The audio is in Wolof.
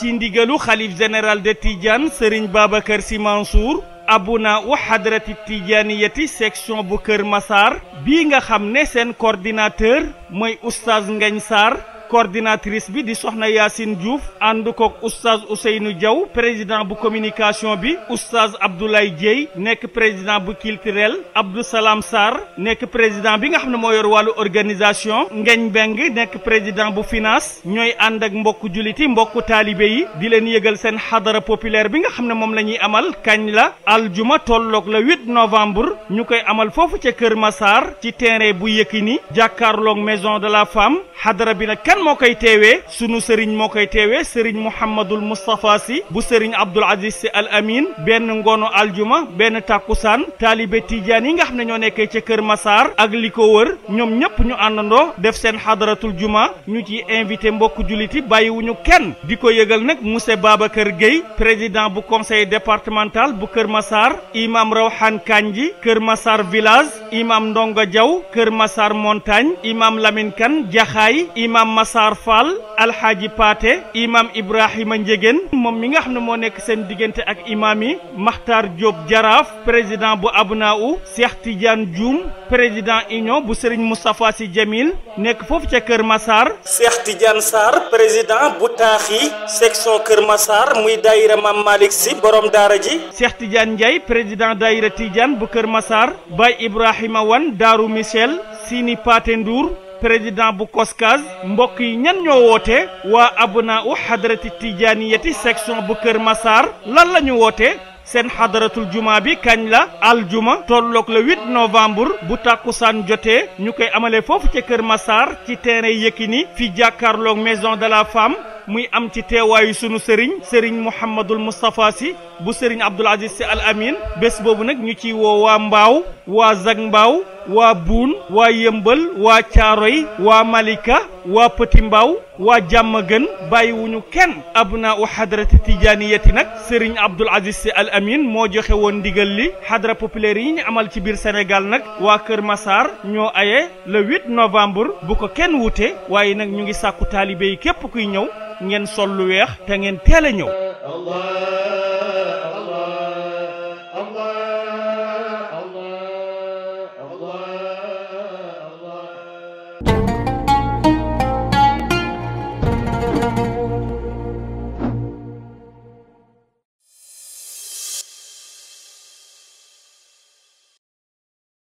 ci ndigalu xalif général de serigne baba Babacar Sy Mansour na u xadrati tijaaniyati section bu Kër Massar bi nga xam ne seen coordinateur mooy oustaz Ngagne saar coordinatrice bi di soxna Yacine Diouf ànd kook oustaz Ousseynou Diaw président bu communication bi oustaz Abdoulaye Dieye nekk président bu culturel Abdou Salam Sarr nekk président bi nga xam ne moo yor wàllu organisation Ngeñ Beng nekk président bu finance ñooy ànd ak mbokku juliti mbokku taalibe yi di leen yëgal seen xadara populaire bi nga xam ne moom la ñuy amal kañ la aljuma tolloog le 8 novembre ñu koy amal foofu ca Kër masaar ci terrain bu Yékini jàkkaarloog maison de la femme kan moo koy teewee sunu sëriñ moo koy teewee sëriñ Mouhamadul Moustapha si bu sëriñ Abdoul Aziz si Al Amin benn al aljuma benn tàkkusaan taalibe tijaan yi nga xam ne ñoo nekkee ca Kër Massar ak ko wër ñoom ñëpp ñu àndandoo def seen xadaratul juma ñu ci invité mbokk julliti bàyyiwuñu kenn di ko yëgal nag monsieur kër Gueye président bu conseil départemental bu Kër masaar imam Rawhan Kanji Kër masaar village imam Ndonga Diaw Kër Massar montagne imam Massar Fall alxaaji Paate imam Ibrahima Njegen moom mi nga xam ne moo nekk seen diggante ak imaam yi Makhtar Diop Jaraaf président bu Abnaaw Cheikh Tidiane Dioum président union bu Serigne Moustapha Sy Jamil nekk foofu ca Kër Massar. Cheikh Tidiane Sarr président bu taaxi section Kër masaar muy daayira Mam Malick Sy borom daara ji. Cheikh Tidiane Ndiaye président daayira Tidiane bu Kër Massar Baye Ibrahima Wane Darou Michel Sini Paate Ndour. président bu koskaas mbokk yi ñan ñoo woote waa abna u xadarati tijaaniyati section bu kër masaar lan la ñu woote seen xadaratul juma bi kañ la aljuma tolloog le 8 novembre bu tàkku saan jotee ñu koy amalee foofu ca kër masaar ci terrain Yékini fi jàkkaarloog maison de la femme muy am ci teewaayu sunu sëriñ sëriñ Mouhamadul Moustapha si bu sëriñ Abdoul Aziz si Al Amin bés boobu nag ñu ciy woo waa Mbaaw waa Zag Mbaaw waa Buun waa Yëmbal waa Caaroy waa Malika waa Petit Mbaaw waa jàmm gën bàyyiwuñu kenn abna u xadrati tijaaniyati nag sëriñ Abdoul Aziz si Al Amin moo joxe woon ndigal li xadra populaire yi ñu amal ci biir Sénégal nag waa Kër Massar ñoo aye le 8 bu ko kenn wuute waaye nag ñu ngi sàkku taalibe yi képp kuy ñëw ngeen sol lu weex te ngeen teel a ñëw